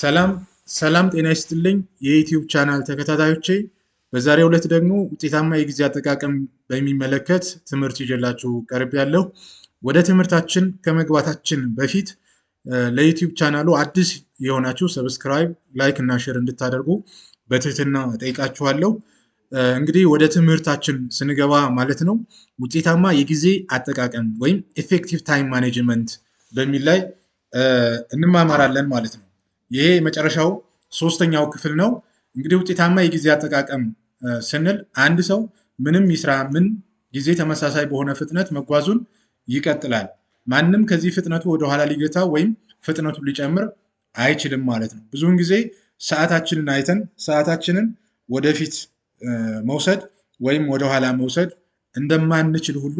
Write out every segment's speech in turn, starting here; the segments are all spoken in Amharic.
ሰላም ሰላም፣ ጤና ይስጥልኝ የዩቲዩብ ቻናል ተከታታዮቼ፣ በዛሬው ዕለት ደግሞ ውጤታማ የጊዜ አጠቃቀም በሚመለከት ትምህርት ይዤላችሁ ቀርብ ያለሁ። ወደ ትምህርታችን ከመግባታችን በፊት ለዩቲዩብ ቻናሉ አዲስ የሆናችሁ ሰብስክራይብ፣ ላይክ እና ሼር እንድታደርጉ በትህትና ጠይቃችኋለሁ። እንግዲህ ወደ ትምህርታችን ስንገባ ማለት ነው ውጤታማ የጊዜ አጠቃቀም ወይም ኢፌክቲቭ ታይም ማኔጅመንት በሚል ላይ እንማማራለን ማለት ነው። ይሄ የመጨረሻው ሶስተኛው ክፍል ነው። እንግዲህ ውጤታማ የጊዜ አጠቃቀም ስንል አንድ ሰው ምንም ይስራ ምን ጊዜ ተመሳሳይ በሆነ ፍጥነት መጓዙን ይቀጥላል። ማንም ከዚህ ፍጥነቱ ወደኋላ ሊገታ ወይም ፍጥነቱ ሊጨምር አይችልም ማለት ነው። ብዙውን ጊዜ ሰዓታችንን አይተን ሰዓታችንን ወደፊት መውሰድ ወይም ወደኋላ መውሰድ እንደማንችል ሁሉ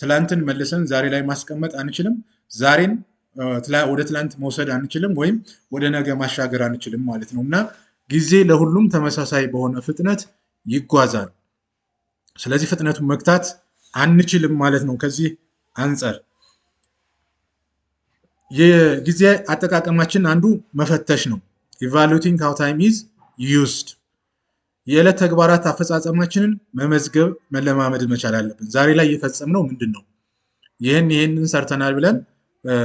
ትላንትን መልሰን ዛሬ ላይ ማስቀመጥ አንችልም። ዛሬን ወደ ትላንት መውሰድ አንችልም ወይም ወደ ነገ ማሻገር አንችልም ማለት ነው እና ጊዜ ለሁሉም ተመሳሳይ በሆነ ፍጥነት ይጓዛል። ስለዚህ ፍጥነቱን መግታት አንችልም ማለት ነው። ከዚህ አንጻር የጊዜ አጠቃቀማችን አንዱ መፈተሽ ነው። ኢቫሉቲንግ ሃው ታይም ኢዝ ዩስድ። የዕለት ተግባራት አፈጻጸማችንን መመዝገብ መለማመድ መቻል አለብን። ዛሬ ላይ እየፈጸምነው ምንድን ነው? ይህን ይህንን ሰርተናል ብለን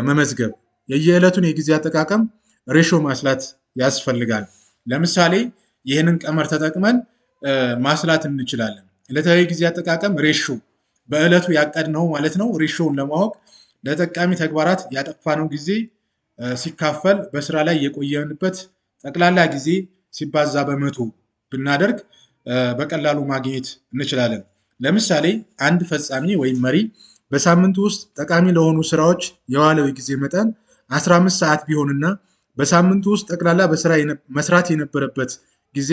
መመዝገብ፣ የየዕለቱን የጊዜ አጠቃቀም ሬሾ ማስላት ያስፈልጋል። ለምሳሌ ይህንን ቀመር ተጠቅመን ማስላት እንችላለን። ዕለታዊ ጊዜ አጠቃቀም ሬሾ በዕለቱ ያቀድነው ማለት ነው። ሬሾውን ለማወቅ ለጠቃሚ ተግባራት ያጠፋነው ጊዜ ሲካፈል በስራ ላይ የቆየንበት ጠቅላላ ጊዜ ሲባዛ በመቶ ብናደርግ በቀላሉ ማግኘት እንችላለን። ለምሳሌ አንድ ፈጻሚ ወይም መሪ በሳምንቱ ውስጥ ጠቃሚ ለሆኑ ስራዎች የዋለው የጊዜ መጠን 15 ሰዓት ቢሆንና በሳምንቱ ውስጥ ጠቅላላ በስራ መስራት የነበረበት ጊዜ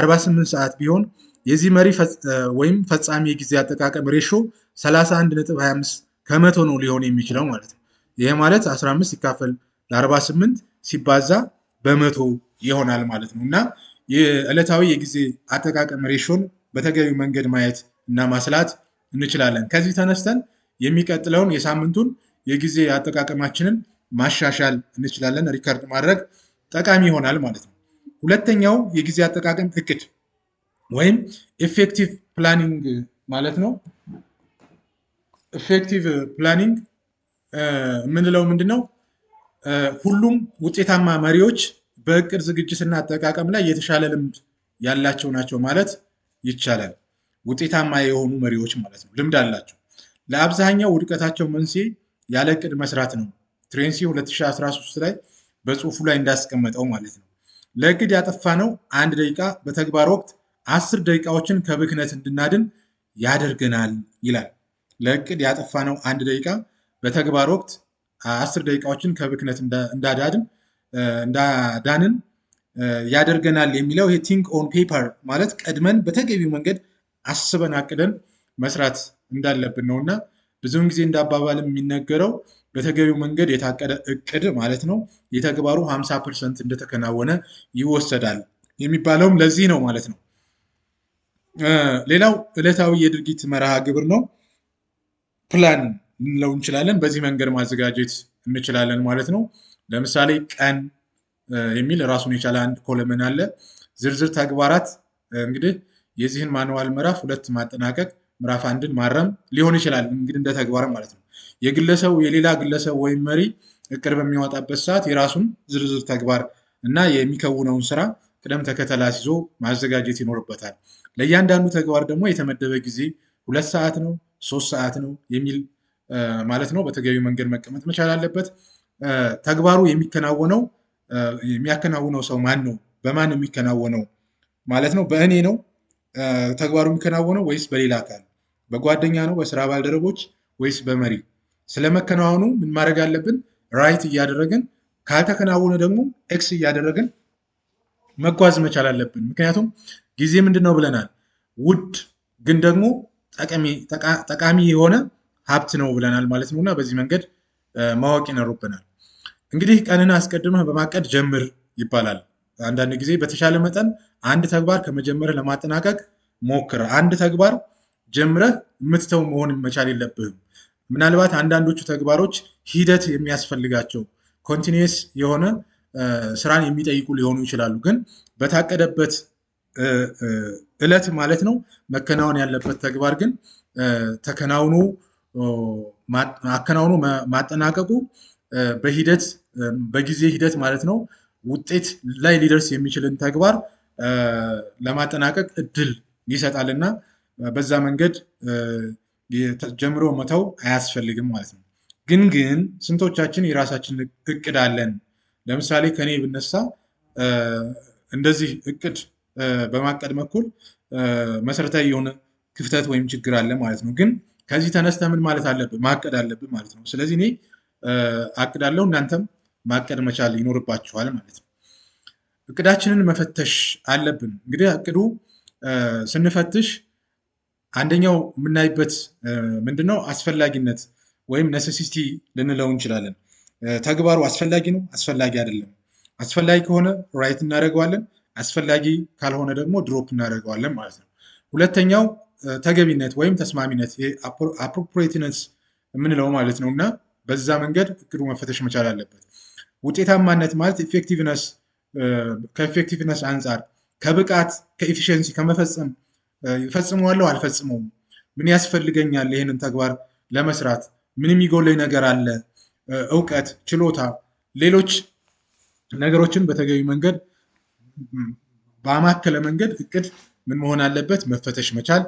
48 ሰዓት ቢሆን የዚህ መሪ ወይም ፈጻሚ የጊዜ አጠቃቀም ሬሾ 31.25 ከመቶ ነው ሊሆን የሚችለው ማለት ነው። ይህ ማለት 15 ሲካፈል ለ48 ሲባዛ በመቶ ይሆናል ማለት ነው እና የዕለታዊ የጊዜ አጠቃቀም ሬሾን በተገቢ መንገድ ማየት እና ማስላት እንችላለን። ከዚህ ተነስተን የሚቀጥለውን የሳምንቱን የጊዜ አጠቃቀማችንን ማሻሻል እንችላለን። ሪከርድ ማድረግ ጠቃሚ ይሆናል ማለት ነው። ሁለተኛው የጊዜ አጠቃቀም እቅድ ወይም ኤፌክቲቭ ፕላኒንግ ማለት ነው። ኤፌክቲቭ ፕላኒንግ የምንለው ምንድን ነው? ሁሉም ውጤታማ መሪዎች በእቅድ ዝግጅትና አጠቃቀም ላይ የተሻለ ልምድ ያላቸው ናቸው ማለት ይቻላል። ውጤታማ የሆኑ መሪዎች ማለት ነው፣ ልምድ አላቸው። ለአብዛኛው ውድቀታቸው መንስኤ ያለ እቅድ መስራት ነው። ትሬንሲ 2013 ላይ በጽሁፉ ላይ እንዳስቀመጠው ማለት ነው። ለእቅድ ነው አንድ ደቂቃ በተግባር ወቅት አስር ደቂቃዎችን ከብክነት እንድናድን ያደርገናል ይላል። ለእቅድ ነው አንድ ደቂቃ በተግባር ወቅት አስር ደቂቃዎችን ከብክነት እንዳዳድን እንዳዳንን ያደርገናል የሚለው ይሄ ቲንክ ኦን ፔፐር ማለት ቀድመን በተገቢው መንገድ አስበን አቅደን መስራት እንዳለብን ነው እና ብዙውን ጊዜ አባባል የሚነገረው በተገቢው መንገድ የታቀደ እቅድ ማለት ነው የተግባሩ 50 ፐርሰንት እንደተከናወነ ይወሰዳል የሚባለውም ለዚህ ነው ማለት ነው። ሌላው ዕለታዊ የድርጊት መርሃ ግብር ነው። ፕላን ልንለው እንችላለን። በዚህ መንገድ ማዘጋጀት እንችላለን ማለት ነው። ለምሳሌ ቀን የሚል ራሱን የቻለ አንድ ኮለምን አለ። ዝርዝር ተግባራት እንግዲህ የዚህን ማንዋል ምዕራፍ ሁለት ማጠናቀቅ ምዕራፍ አንድን ማረም ሊሆን ይችላል እንግዲህ እንደ ተግባር ማለት ነው። የግለሰቡ የሌላ ግለሰብ ወይም መሪ እቅድ በሚያወጣበት ሰዓት የራሱን ዝርዝር ተግባር እና የሚከውነውን ስራ ቅደም ተከተል አስይዞ ማዘጋጀት ይኖርበታል። ለእያንዳንዱ ተግባር ደግሞ የተመደበ ጊዜ ሁለት ሰዓት ነው፣ ሶስት ሰዓት ነው የሚል ማለት ነው። በተገቢ መንገድ መቀመጥ መቻል አለበት። ተግባሩ የሚከናወነው የሚያከናውነው ሰው ማን ነው? በማን የሚከናወነው ማለት ነው? በእኔ ነው ተግባሩ የሚከናወነው ወይስ በሌላ አካል፣ በጓደኛ ነው፣ በስራ ባልደረቦች ወይስ በመሪ? ስለመከናወኑ ምን ማድረግ አለብን? ራይት እያደረግን ካልተከናወነ ደግሞ ኤክስ እያደረግን መጓዝ መቻል አለብን። ምክንያቱም ጊዜ ምንድን ነው ብለናል፣ ውድ ግን ደግሞ ጠቃሚ የሆነ ሀብት ነው ብለናል ማለት ነው እና በዚህ መንገድ ማወቅ ይኖሩብናል። እንግዲህ ቀንን አስቀድመህ በማቀድ ጀምር ይባላል። አንዳንድ ጊዜ በተሻለ መጠን አንድ ተግባር ከመጀመርህ ለማጠናቀቅ ሞክር። አንድ ተግባር ጀምረህ የምትተው መሆን መቻል የለብህም። ምናልባት አንዳንዶቹ ተግባሮች ሂደት የሚያስፈልጋቸው ኮንቲኒየስ የሆነ ስራን የሚጠይቁ ሊሆኑ ይችላሉ። ግን በታቀደበት እለት ማለት ነው መከናወን ያለበት ተግባር ግን ተከናውኖ አከናውኖ ማጠናቀቁ በሂደት በጊዜ ሂደት ማለት ነው ውጤት ላይ ሊደርስ የሚችልን ተግባር ለማጠናቀቅ እድል ይሰጣል እና በዛ መንገድ ጀምሮ መተው አያስፈልግም ማለት ነው። ግን ግን ስንቶቻችን የራሳችን እቅድ አለን? ለምሳሌ ከኔ ብነሳ እንደዚህ እቅድ በማቀድ በኩል መሰረታዊ የሆነ ክፍተት ወይም ችግር አለ ማለት ነው። ግን ከዚህ ተነስተ ምን ማለት አለብን? ማቀድ አለብን ማለት ነው። ስለዚህ እኔ አቅዳለሁ እናንተም ማቀድ መቻል ይኖርባችኋል ማለት ነው። እቅዳችንን መፈተሽ አለብን። እንግዲህ እቅዱ ስንፈትሽ አንደኛው የምናይበት ምንድነው አስፈላጊነት ወይም ነሰሲቲ ልንለው እንችላለን። ተግባሩ አስፈላጊ ነው፣ አስፈላጊ አይደለም። አስፈላጊ ከሆነ ራይት እናደርገዋለን፣ አስፈላጊ ካልሆነ ደግሞ ድሮፕ እናደርገዋለን ማለት ነው። ሁለተኛው ተገቢነት ወይም ተስማሚነት አፕሮፕሬትነስ የምንለው ማለት ነው እና በዛ መንገድ እቅዱ መፈተሽ መቻል አለበት። ውጤታማነት ማለት ኢፌክቲቭነስ ከኢፌክቲቭነስ አንጻር ከብቃት ከኢፊሽንሲ ከመፈጸም uh, ፈጽመዋለሁ አልፈጽመውም፣ ምን ያስፈልገኛል ይህንን ተግባር ለመስራት ምን የሚጎለኝ ነገር አለ፣ uh, እውቀት፣ ችሎታ፣ ሌሎች ነገሮችን በተገቢ መንገድ በአማከለ መንገድ እቅድ ምን መሆን አለበት መፈተሽ መቻል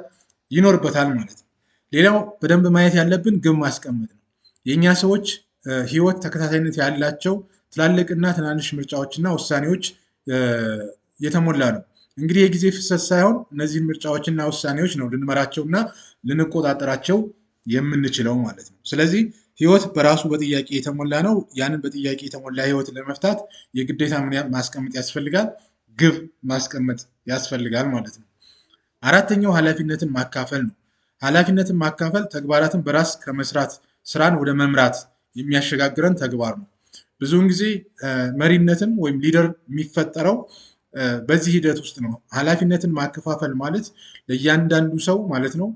ይኖርበታል ማለት ነው። ሌላው በደንብ ማየት ያለብን ግብ ማስቀመጥ ነው። የእኛ ሰዎች uh, ህይወት ተከታታይነት ያላቸው ትላልቅና ትናንሽ ምርጫዎችና ውሳኔዎች የተሞላ ነው። እንግዲህ የጊዜ ፍሰት ሳይሆን እነዚህን ምርጫዎችና ውሳኔዎች ነው ልንመራቸውና ልንቆጣጠራቸው የምንችለው ማለት ነው። ስለዚህ ህይወት በራሱ በጥያቄ የተሞላ ነው። ያንን በጥያቄ የተሞላ ህይወት ለመፍታት የግዴታ ማስቀመጥ ያስፈልጋል፣ ግብ ማስቀመጥ ያስፈልጋል ማለት ነው። አራተኛው ኃላፊነትን ማካፈል ነው። ኃላፊነትን ማካፈል ተግባራትን በራስ ከመስራት ስራን ወደ መምራት የሚያሸጋግረን ተግባር ነው። ብዙውን ጊዜ መሪነትም ወይም ሊደር የሚፈጠረው በዚህ ሂደት ውስጥ ነው። ኃላፊነትን ማከፋፈል ማለት ለእያንዳንዱ ሰው ማለት ነው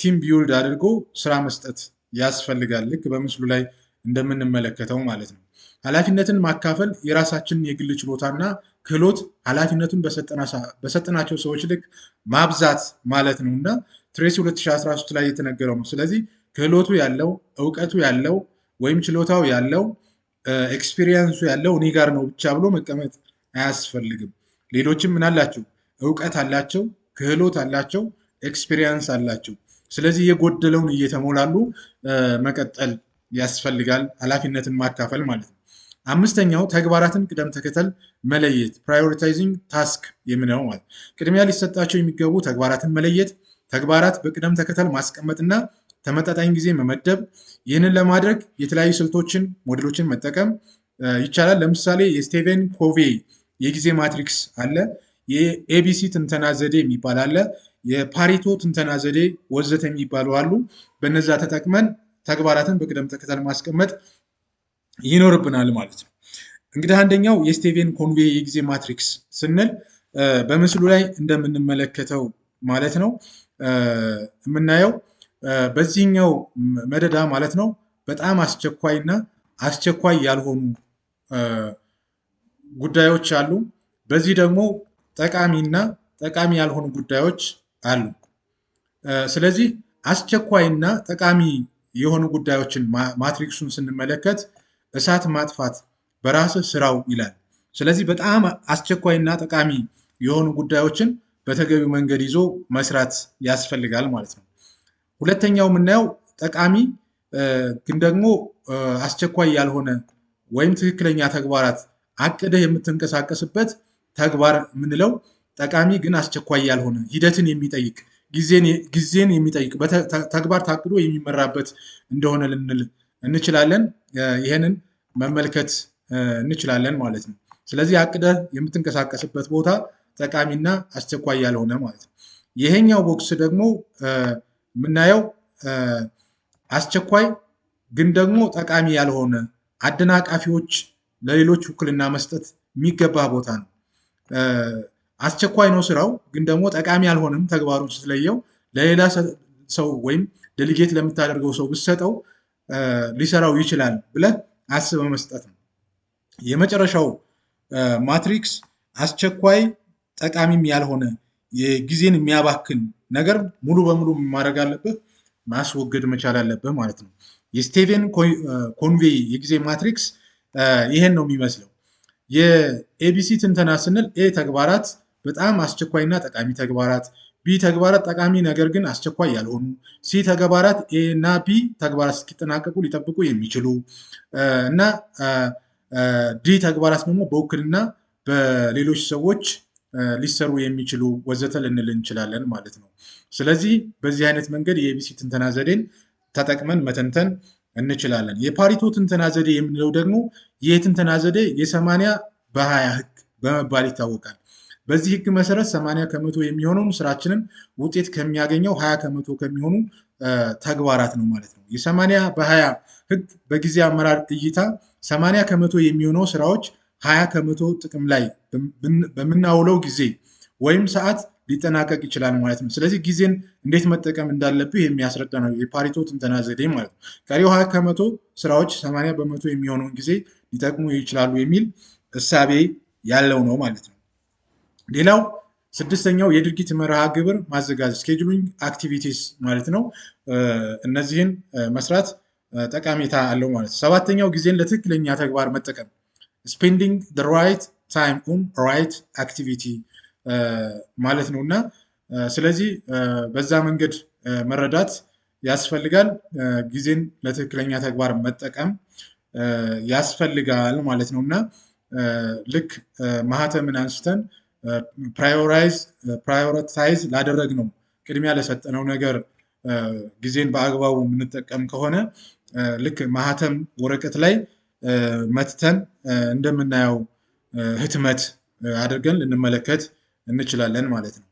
ቲም ቢውልድ አድርጎ ስራ መስጠት ያስፈልጋል። ልክ በምስሉ ላይ እንደምንመለከተው ማለት ነው። ኃላፊነትን ማካፈል የራሳችንን የግል ችሎታና ክህሎት ኃላፊነቱን በሰጠናቸው ሰዎች ልክ ማብዛት ማለት ነው እና ትሬስ 2013 ላይ የተነገረው ነው። ስለዚህ ክህሎቱ ያለው እውቀቱ ያለው ወይም ችሎታው ያለው ኤክስፒሪየንሱ ያለው እኔ ጋር ነው ብቻ ብሎ መቀመጥ አያስፈልግም። ሌሎችም ምን አላቸው? እውቀት አላቸው፣ ክህሎት አላቸው፣ ኤክስፒሪየንስ አላቸው። ስለዚህ የጎደለውን እየተሞላሉ መቀጠል ያስፈልጋል። ኃላፊነትን ማካፈል ማለት ነው። አምስተኛው ተግባራትን ቅደም ተከተል መለየት ፕራዮሪታይዚንግ ታስክ የምንለው ማለት ቅድሚያ ሊሰጣቸው የሚገቡ ተግባራትን መለየት፣ ተግባራት በቅደም ተከተል ማስቀመጥና ተመጣጣኝ ጊዜ መመደብ። ይህንን ለማድረግ የተለያዩ ስልቶችን፣ ሞዴሎችን መጠቀም ይቻላል። ለምሳሌ የስቴቨን ኮቬ የጊዜ ማትሪክስ አለ፣ የኤቢሲ ትንተና ዘዴ የሚባል አለ፣ የፓሪቶ ትንተና ዘዴ ወዘተ የሚባሉ አሉ። በነዛ ተጠቅመን ተግባራትን በቅደም ተከተል ማስቀመጥ ይኖርብናል ማለት ነው። እንግዲህ አንደኛው የስቴቬን ኮንቬ የጊዜ ማትሪክስ ስንል በምስሉ ላይ እንደምንመለከተው ማለት ነው የምናየው በዚህኛው መደዳ ማለት ነው በጣም አስቸኳይ እና አስቸኳይ ያልሆኑ ጉዳዮች አሉ። በዚህ ደግሞ ጠቃሚና ጠቃሚ ያልሆኑ ጉዳዮች አሉ። ስለዚህ አስቸኳይና ጠቃሚ የሆኑ ጉዳዮችን ማትሪክሱን ስንመለከት እሳት ማጥፋት በራስ ስራው ይላል። ስለዚህ በጣም አስቸኳይና ጠቃሚ የሆኑ ጉዳዮችን በተገቢው መንገድ ይዞ መስራት ያስፈልጋል ማለት ነው። ሁለተኛው የምናየው ጠቃሚ ግን ደግሞ አስቸኳይ ያልሆነ ወይም ትክክለኛ ተግባራት አቅደህ የምትንቀሳቀስበት ተግባር የምንለው ጠቃሚ ግን አስቸኳይ ያልሆነ ሂደትን የሚጠይቅ ጊዜን የሚጠይቅ ተግባር ታቅዶ የሚመራበት እንደሆነ ልንል እንችላለን። ይህንን መመልከት እንችላለን ማለት ነው። ስለዚህ አቅደህ የምትንቀሳቀስበት ቦታ ጠቃሚና አስቸኳይ ያልሆነ ማለት ነው። ይሄኛው ቦክስ ደግሞ የምናየው አስቸኳይ ግን ደግሞ ጠቃሚ ያልሆነ አደናቃፊዎች ለሌሎች ውክልና መስጠት የሚገባ ቦታ ነው። አስቸኳይ ነው ስራው፣ ግን ደግሞ ጠቃሚ አልሆነም ተግባሩ ስትለየው ለሌላ ሰው ወይም ዴሊጌት ለምታደርገው ሰው ብትሰጠው ሊሰራው ይችላል ብለ አስበ መስጠት ነው። የመጨረሻው ማትሪክስ አስቸኳይ ጠቃሚም ያልሆነ የጊዜን የሚያባክን ነገር ሙሉ በሙሉ ማድረግ አለብህ ማስወገድ መቻል አለብህ ማለት ነው። የስቴቨን ኮንቬይ የጊዜ ማትሪክስ ይሄን ነው የሚመስለው። የኤቢሲ ትንተና ስንል ኤ ተግባራት በጣም አስቸኳይና ጠቃሚ ተግባራት፣ ቢ ተግባራት ጠቃሚ ነገር ግን አስቸኳይ ያልሆኑ፣ ሲ ተግባራት ኤ እና ቢ ተግባራት እስኪጠናቀቁ ሊጠብቁ የሚችሉ እና ዲ ተግባራት ደግሞ በውክልና በሌሎች ሰዎች ሊሰሩ የሚችሉ ወዘተ ልንል እንችላለን ማለት ነው። ስለዚህ በዚህ አይነት መንገድ የኤቢሲ ትንተና ዘዴን ተጠቅመን መተንተን እንችላለን። የፓሪቶ ትንተና ዘዴ የምንለው ደግሞ ይህ ትንተና ዘዴ የሰማንያ በሀያ ህግ በመባል ይታወቃል። በዚህ ህግ መሰረት ሰማንያ ከመቶ የሚሆነውን ስራችንን ውጤት ከሚያገኘው ሀያ ከመቶ ከሚሆኑ ተግባራት ነው ማለት ነው። የሰማንያ በሀያ ህግ በጊዜ አመራር እይታ ሰማንያ ከመቶ የሚሆነው ስራዎች ሀያ ከመቶ ጥቅም ላይ በምናውለው ጊዜ ወይም ሰዓት ሊጠናቀቅ ይችላል ማለት ነው። ስለዚህ ጊዜን እንዴት መጠቀም እንዳለብህ የሚያስረዳ ነው የፓሪቶ ትንተና ዘዴ ማለት ነው። ቀሪው ሀያ ከመቶ ስራዎች ሰማንያ በመቶ የሚሆነውን ጊዜ ሊጠቅሙ ይችላሉ የሚል እሳቤ ያለው ነው ማለት ነው። ሌላው ስድስተኛው የድርጊት መርሃ ግብር ማዘጋጀት ስኬጁሊንግ አክቲቪቲስ ማለት ነው። እነዚህን መስራት ጠቃሜታ አለው ማለት ነው። ሰባተኛው ጊዜን ለትክክለኛ ተግባር መጠቀም ስፔንዲንግ ራይት ታይም ኦን ራይት አክቲቪቲ ማለት ነው እና uh, ስለዚህ uh, በዛ መንገድ uh, መረዳት ያስፈልጋል። ጊዜን ለትክክለኛ ተግባር መጠቀም ያስፈልጋል ማለት ነው እና ልክ ማህተምን አንስተን ፕራዮራይዝ ፕራዮሪታይዝ ላደረግ ነው ቅድሚያ ለሰጠነው ነገር ጊዜን በአግባቡ የምንጠቀም ከሆነ ልክ ማህተም ወረቀት ላይ መትተን እንደምናየው ህትመት አድርገን ልንመለከት እንችላለን ማለት ነው።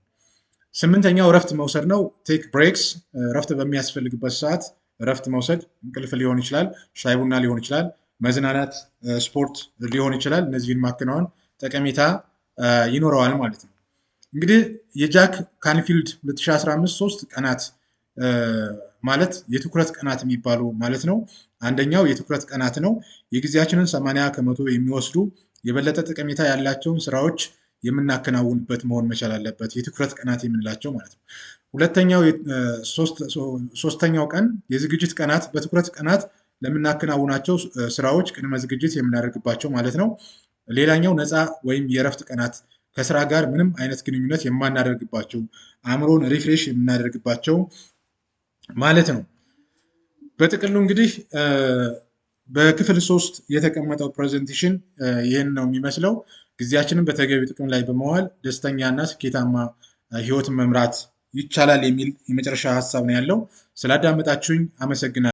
ስምንተኛው እረፍት መውሰድ ነው። ቴክ ብሬክስ፣ እረፍት በሚያስፈልግበት ሰዓት እረፍት መውሰድ እንቅልፍ ሊሆን ይችላል፣ ሻይ ቡና ሊሆን ይችላል፣ መዝናናት፣ ስፖርት ሊሆን ይችላል። እነዚህን ማከናወን ጠቀሜታ ይኖረዋል ማለት ነው። እንግዲህ የጃክ ካንፊልድ 2015 ሶስት ቀናት ማለት የትኩረት ቀናት የሚባሉ ማለት ነው። አንደኛው የትኩረት ቀናት ነው። የጊዜያችንን ሰማንያ ከመቶ የሚወስዱ የበለጠ ጠቀሜታ ያላቸውን ስራዎች የምናከናውንበት መሆን መቻል አለበት። የትኩረት ቀናት የምንላቸው ማለት ነው። ሁለተኛው ሶስተኛው ቀን የዝግጅት ቀናት በትኩረት ቀናት ለምናከናውናቸው ስራዎች ቅድመ ዝግጅት የምናደርግባቸው ማለት ነው። ሌላኛው ነፃ ወይም የእረፍት ቀናት ከስራ ጋር ምንም አይነት ግንኙነት የማናደርግባቸው አእምሮን ሪፍሬሽ የምናደርግባቸው ማለት ነው። በጥቅሉ እንግዲህ በክፍል ሶስት የተቀመጠው ፕሬዘንቴሽን ይህን ነው የሚመስለው። ጊዜያችንን በተገቢ ጥቅም ላይ በመዋል ደስተኛና ስኬታማ ህይወትን መምራት ይቻላል የሚል የመጨረሻ ሀሳብ ነው ያለው። ስላዳመጣችሁኝ አመሰግናለሁ።